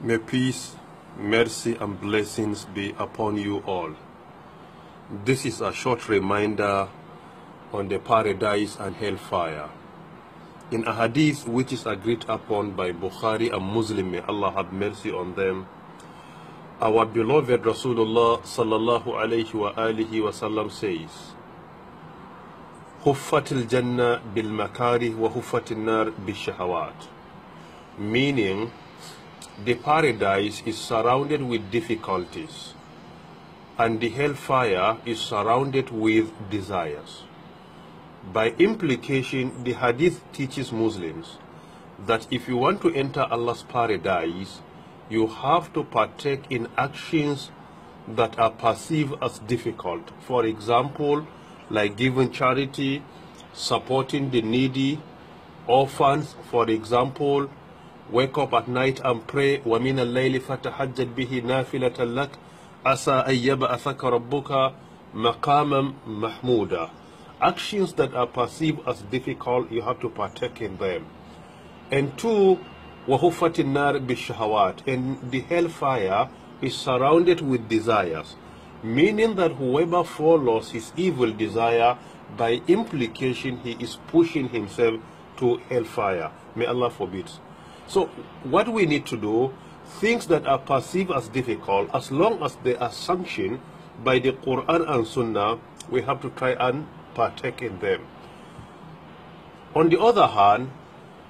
May peace, mercy, and blessings be upon you all. This is a short reminder on the paradise and hellfire. In a hadith which is agreed upon by Bukhari and Muslim, may Allah have mercy on them, our beloved Rasulullah sallallahu alayhi wa alihi wa sallam says, Huffat al-Jannah bil-makarih wa huffat al-nar bil-shahawat. Meaning, the paradise is surrounded with difficulties and the hellfire is surrounded with desires. By implication, the hadith teaches Muslims that if you want to enter Allah's paradise, you have to partake in actions that are perceived as difficult. For example, like giving charity, supporting the needy, orphans, for example, wake up at night and pray وَمِنَ اللَّيْلِ فَتَحَجَّدْ بِهِ نَافِلَةً لَكَ asa أَن يَبْعَثَكَ رَبُّكَ مَقَامًا مَحْمُودًا Actions that are perceived as difficult, you have to partake in them. And two, وَهُفَّتِ النَّارِ بِالشَّهَوَاتِ And the hellfire is surrounded with desires, meaning that whoever follows his evil desire, by implication, he is pushing himself to hellfire. May Allah forbid. So what we need to do, things that are perceived as difficult, as long as they are sanctioned by the Quran and Sunnah, we have to try and partake in them. On the other hand,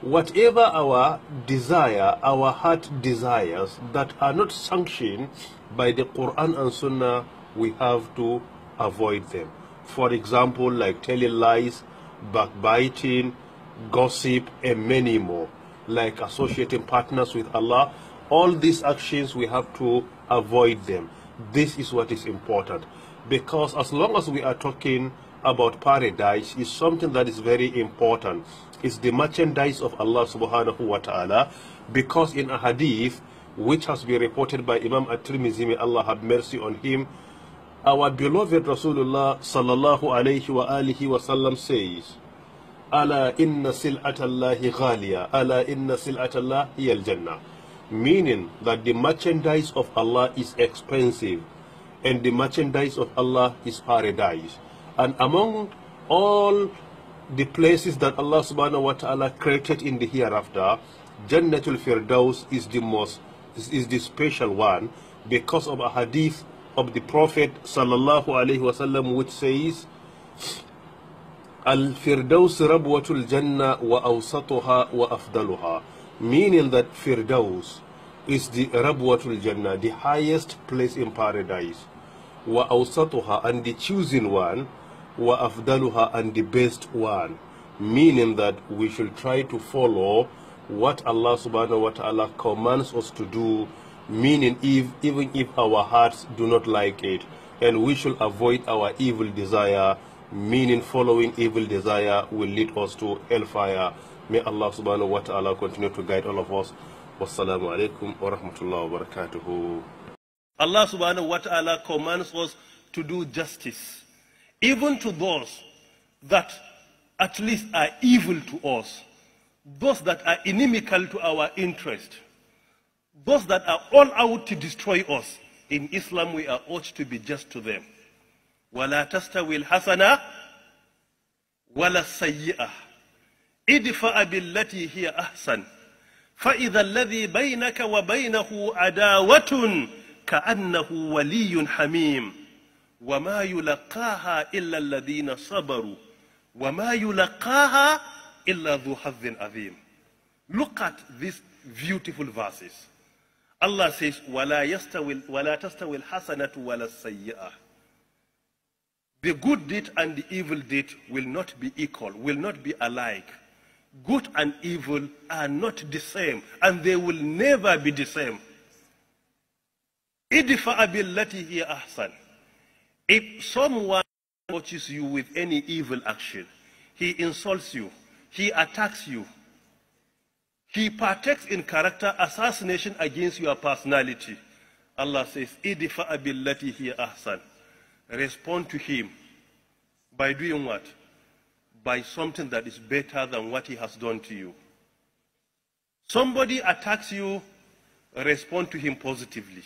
whatever our desire, our heart desires that are not sanctioned by the Quran and Sunnah, we have to avoid them. For example, like telling lies, backbiting, gossip, and many more like associating partners with Allah. All these actions, we have to avoid them. This is what is important. Because as long as we are talking about paradise, is something that is very important. It's the merchandise of Allah subhanahu wa ta'ala. Because in a hadith, which has been reported by Imam At-Tirmidhi, may Allah have mercy on him, our beloved Rasulullah sallallahu alayhi wa alihi wa sallam says, ala inna sil'atallahi ghaliya ala inna sil'atallahi hiyal jannah meaning that the merchandise of Allah is expensive and the merchandise of Allah is paradise and among all the places that Allah subhanahu wa ta'ala created in the hereafter Jannatul Firdaus is the most is the special one because of a hadith of the Prophet sallallahu alaihi wasallam which says Al-Firdaus Rabwatul Jannah wa awsatuha wa afdaluha. Meaning that Firdaus is the Rabwatul Jannah, the highest place in paradise. Wa awsatuha and the chosen one. Wa afdaluha and the best one. Meaning that we should try to follow what Allah subhanahu wa ta'ala commands us to do. Meaning if, even if our hearts do not like it. And we should avoid our evil desire meaning following evil desire will lead us to hellfire. May Allah subhanahu wa ta'ala continue to guide all of us. Wassalamu alaikum wa rahmatullahi wa barakatuhu. Allah subhanahu wa ta'ala commands us to do justice, even to those that at least are evil to us, those that are inimical to our interest, those that are all out to destroy us. In Islam, we are urged to be just to them. ولا تستوي الحسنة ولا السيئة ادفع بالتي هي أحسن فإذا الذي بينك وبينه عداوة كأنه ولي حميم وما يلقاها إلا الذين صبروا وما يلقاها إلا ذو حظ عظيم Look at these beautiful verses. Allah says, وَلَا, يستوي, ولا تستوي الْحَسَنَةُ وَلَا السَّيِّئَةُ The good deed and the evil deed will not be equal, will not be alike. Good and evil are not the same, and they will never be the same. If someone approaches you with any evil action, he insults you, he attacks you, he partakes in character assassination against your personality. Allah says, Idifa abillati ahsan respond to him by doing what? By something that is better than what he has done to you. Somebody attacks you, respond to him positively.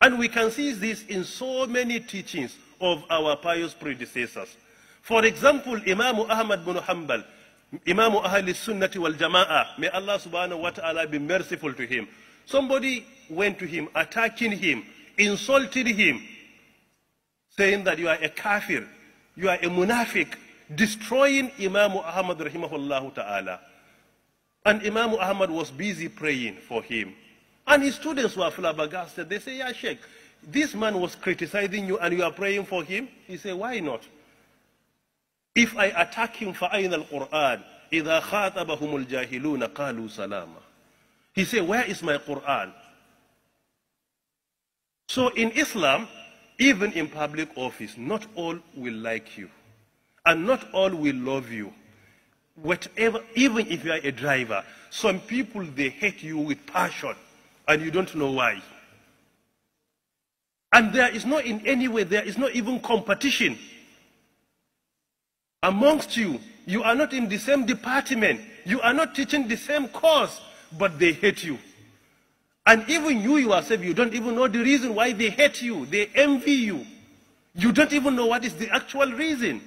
And we can see this in so many teachings of our pious predecessors. For example, Imam Ahmad bin Hanbal, Imam Ahl Sunnati wal Jama'ah, may Allah subhanahu wa ta'ala be merciful to him. Somebody went to him, attacking him, insulted him, saying that you are a kafir, you are a munafiq, destroying Imam Ahmad rahimahullah ta'ala. And Imam Ahmad was busy praying for him. And his students were flabbergasted. They say, yeah, Sheikh, this man was criticizing you and you are praying for him? He said, why not? If I attack him, فَأَيْنَ الْقُرْآنِ إِذَا خَاطَبَهُمُ الْجَاهِلُونَ قَالُوا سَلَامًا He said, where is my Qur'an? So in Islam, even in public office, not all will like you. And not all will love you. Whatever, even if you are a driver, some people, they hate you with passion, and you don't know why. And there is not in any way, there is not even competition amongst you. You are not in the same department. You are not teaching the same course, but they hate you. And even you yourself, you don't even know the reason why they hate you. They envy you. You don't even know what is the actual reason.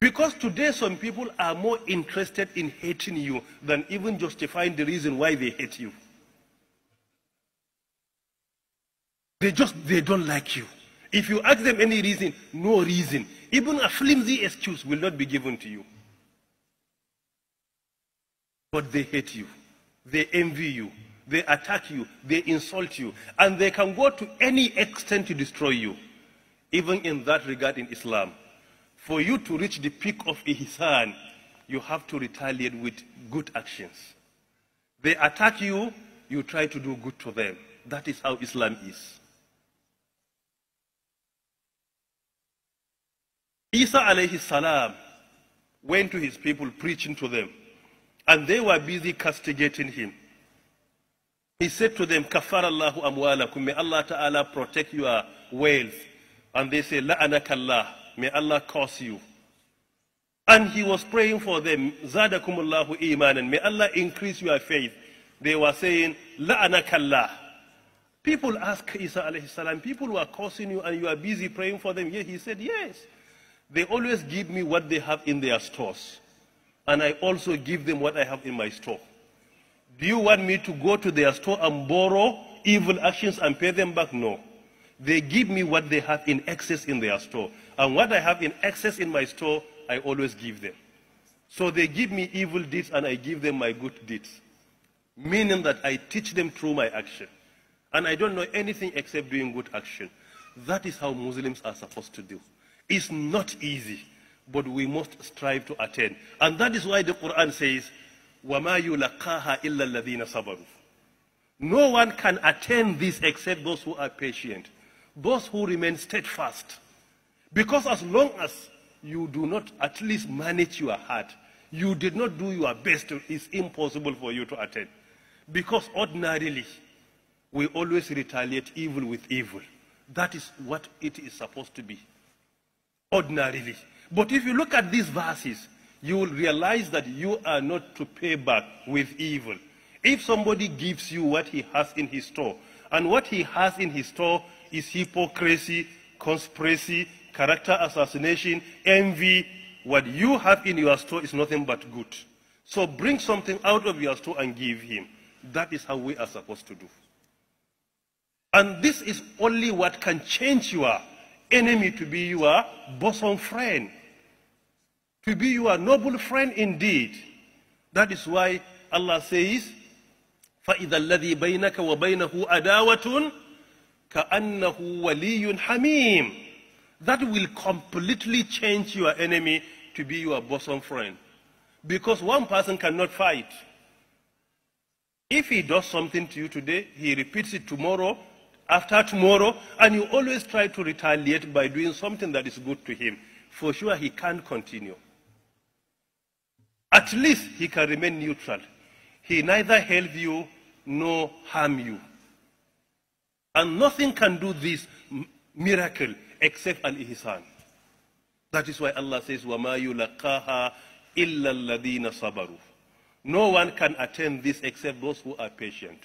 Because today some people are more interested in hating you than even justifying the reason why they hate you. They just, they don't like you. If you ask them any reason, no reason. Even a flimsy excuse will not be given to you. But they hate you. They envy you. They attack you. They insult you. And they can go to any extent to destroy you. Even in that regard in Islam. For you to reach the peak of ihsan, you have to retaliate with good actions. They attack you, you try to do good to them. That is how Islam is. Isa alayhi salam went to his people preaching to them and they were busy castigating him. He said to them, Kafar Allahu amwalakum, may Allah ta'ala protect your wealth. And they say, "La anakallah." may Allah curse you. And he was praying for them, Zadakumullahu imanan, may Allah increase your faith. They were saying, "La anakallah." People ask Isa alayhi salam, people were cursing you and you are busy praying for them. Yeah, he said, yes. They always give me what they have in their stores and I also give them what I have in my store. Do you want me to go to their store and borrow evil actions and pay them back? No. They give me what they have in excess in their store. And what I have in excess in my store, I always give them. So they give me evil deeds and I give them my good deeds. Meaning that I teach them through my action. And I don't know anything except doing good action. That is how Muslims are supposed to do. It's not easy but we must strive to attain. And that is why the Quran says, وَمَا يُلَقَّاهَا إِلَّا الَّذِينَ صَبَرُوا No one can attain this except those who are patient, those who remain steadfast. Because as long as you do not at least manage your heart, you did not do your best, it's impossible for you to attain. Because ordinarily, we always retaliate evil with evil. That is what it is supposed to be. Ordinarily. But if you look at these verses, you will realize that you are not to pay back with evil. If somebody gives you what he has in his store, and what he has in his store is hypocrisy, conspiracy, character assassination, envy, what you have in your store is nothing but good. So bring something out of your store and give him. That is how we are supposed to do. And this is only what can change your enemy to be your bosom friend to be your noble friend indeed. That is why Allah says, فَإِذَا الَّذِي بَيْنَكَ وَبَيْنَهُ أَدَاوَةٌ كَأَنَّهُ وَلِيٌّ حَمِيمٌ That will completely change your enemy to be your bosom friend. Because one person cannot fight. If he does something to you today, he repeats it tomorrow, after tomorrow, and you always try to retaliate by doing something that is good to him. For sure, he can't continue at least he can remain neutral. He neither helps you nor harm you. And nothing can do this miracle except an That is why Allah says, وَمَا يُلَقَّاهَا إِلَّا الَّذِينَ صَبَرُوا No one can attain this except those who are patient.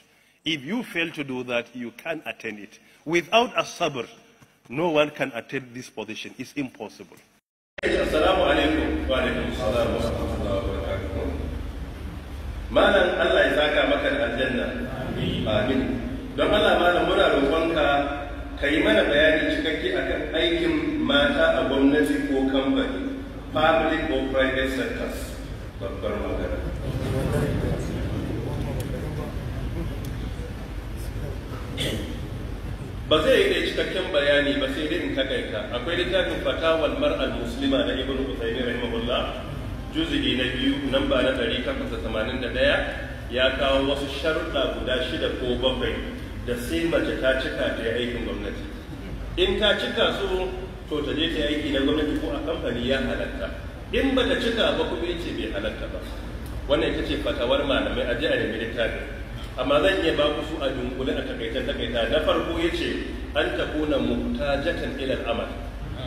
If you fail to do that, you can attain it. Without a sabr, no one can attain this position. It's impossible. malam Allah ya saka maka da aljanna amin don Allah malam muna roƙonka ka yi mana bayani cikakke akan aikin mata a gwamnati ko kamfani public or private sectors babbar magana ba zai yi da cikakken bayani ba sai dai in kakaita akwai littafin fatawal mar'al muslima na ibnu usaymin rahimahullah juzuri na biyu namba na ɗari da tamanin ya kawo wasu sharuɗa guda shida ko bakwai da sai mace ta cika ta yi aikin gwamnati in ta cika su to ta je ta yi aiki na gwamnati ko a kamfani ya halatta in ba ta cika ba kuma ce bai halatta ba wannan ita ce fatawar malamai a jihar da nemi amma zan iya ba ku su a dunkule a takaitan takaita na farko ya ce an mu ta jatan mutajatan ilal amal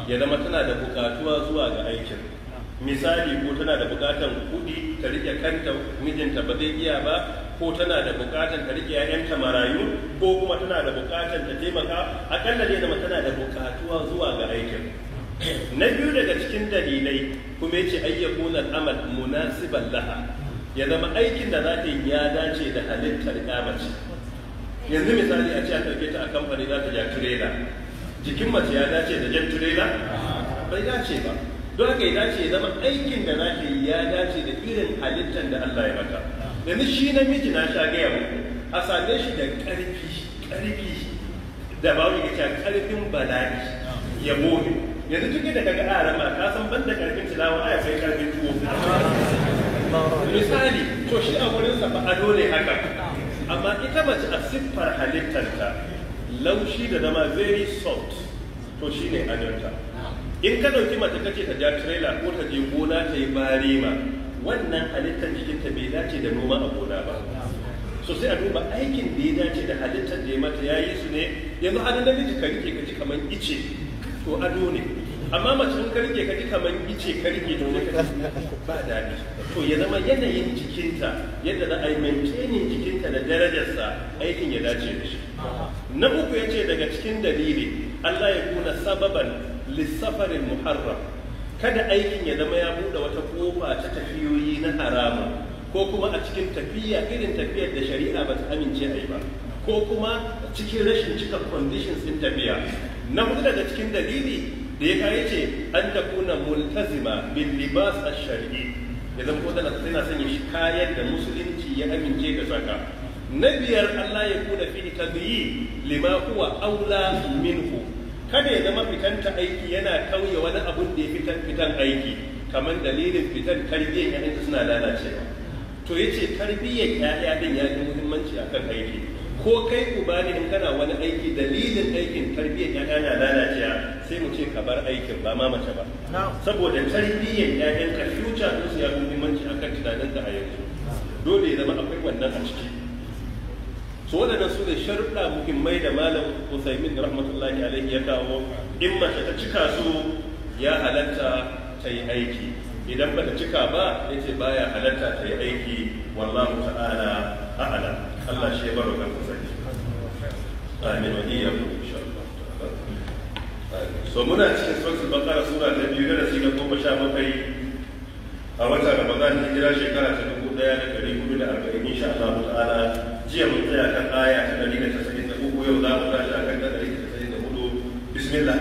ya zama tana da bukatuwa zuwa ga aikin misali ko tana da bukatan kudi ta rike kanta mijinta ba zai iya ba ko tana da bukatan ta rike ƴaƴanta marayu ko kuma tana da bukatan ta taimaka akalla dai zama tana da bukatuwa zuwa ga aikin na biyu daga cikin dalilai kuma yace ayyakuna amal munasiban laha ya zama aikin da za ta yi ya dace da halittar mace yanzu misali a ce a ɗauke ta a kamfani za ta ja turela jikin mace ya dace da jan turela bai dace ba don haka ya dace ya zama aikin da nake yi ya dace da irin halittar da Allah ya maka yanzu shi namiji na sha gaya muku a same shi da ƙarfi ƙarfi da ba wani ƙarfin bala'i ya bone yanzu duk da kaga arama ka san ban da ƙarfin tilawa a sai ƙarfin tuwo misali to shi a wurin sa ba a dole haka amma ita mace a siffar ta laushi da zama very soft to shine adonta in ka ɗauki mace kace ta ja trailer ko ta je gona ta yi barema wannan halittar jikinta bai dace da noma a gona ba so sai a duba aikin da ya dace da halittar da ya mata ya yi su ne yanzu adon namiji ka rike ka ji kamar ice to ado ne amma mace in ka rike ka ji kamar ice ka rike to ka ba daɗi to ya zama yanayin jikinta yadda za a yi maintaining jikinta da darajarsa aikin ya dace da shi na uku ya ce daga cikin dalili Allah ya kuna sababan Lissafarin muharram kada aikin ya zama ya buɗe wata kofa ta tafiyoyi na harama ko kuma a cikin tafiya irin tafiyar da shari'a ba ta amince a yi ba ko kuma cikin rashin cika conditions din tafiya na hudu daga cikin dalili da ya kare ce an ta kuna multazima bin libas a shari'i ya zama ko tana tana sanya shi kayan da musulunci ya amince da saka na biyar Allah ya kuna fi tabiyi lima huwa aula minhu kada ya zama fitan aiki yana kauye wani abun da ya fitan fitan aiki kamar dalilin fitan tarbiyyar ƴaƴan suna lalacewa to yace tarbiyyar yaya din ya fi muhimmanci akan aiki ko kai uba ne in kana wani aiki dalilin aikin tarbiyyar ƴaƴa na lalacewa sai mu ce ka bar aikin ba ma mace ba saboda tarbiyyar ƴaƴan ka future din su ya fi muhimmanci akan tunanin ka a yanzu dole ya zama akwai wannan a ciki so waɗannan su ne sharuɗa muhimmai da malam usaimin rahmatullahi alaihi ya kawo in mace ta cika su ya halatta ta yi aiki idan ba ta cika ba ya ce ba ya halatta ta yi aiki wallahu ta'ala ala Allah shi ya baro kan ku sani amin wani ya insha so muna cikin suratul bakara sura ta biyu da shi ga goma sha bakwai a wata ramadan hijira shekara ta dubu ɗaya da ɗari hudu da arba'in insha Allah jiya kaya tsaya kan aya ta 193 yau za mu tashi akan ta 194 bismillah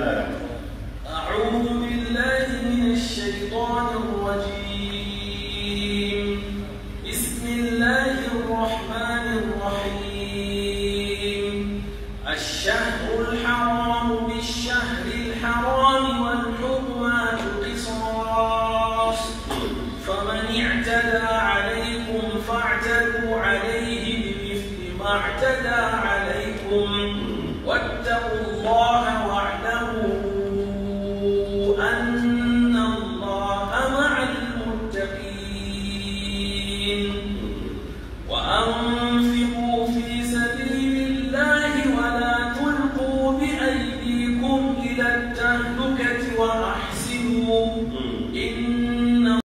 اعتدى عليكم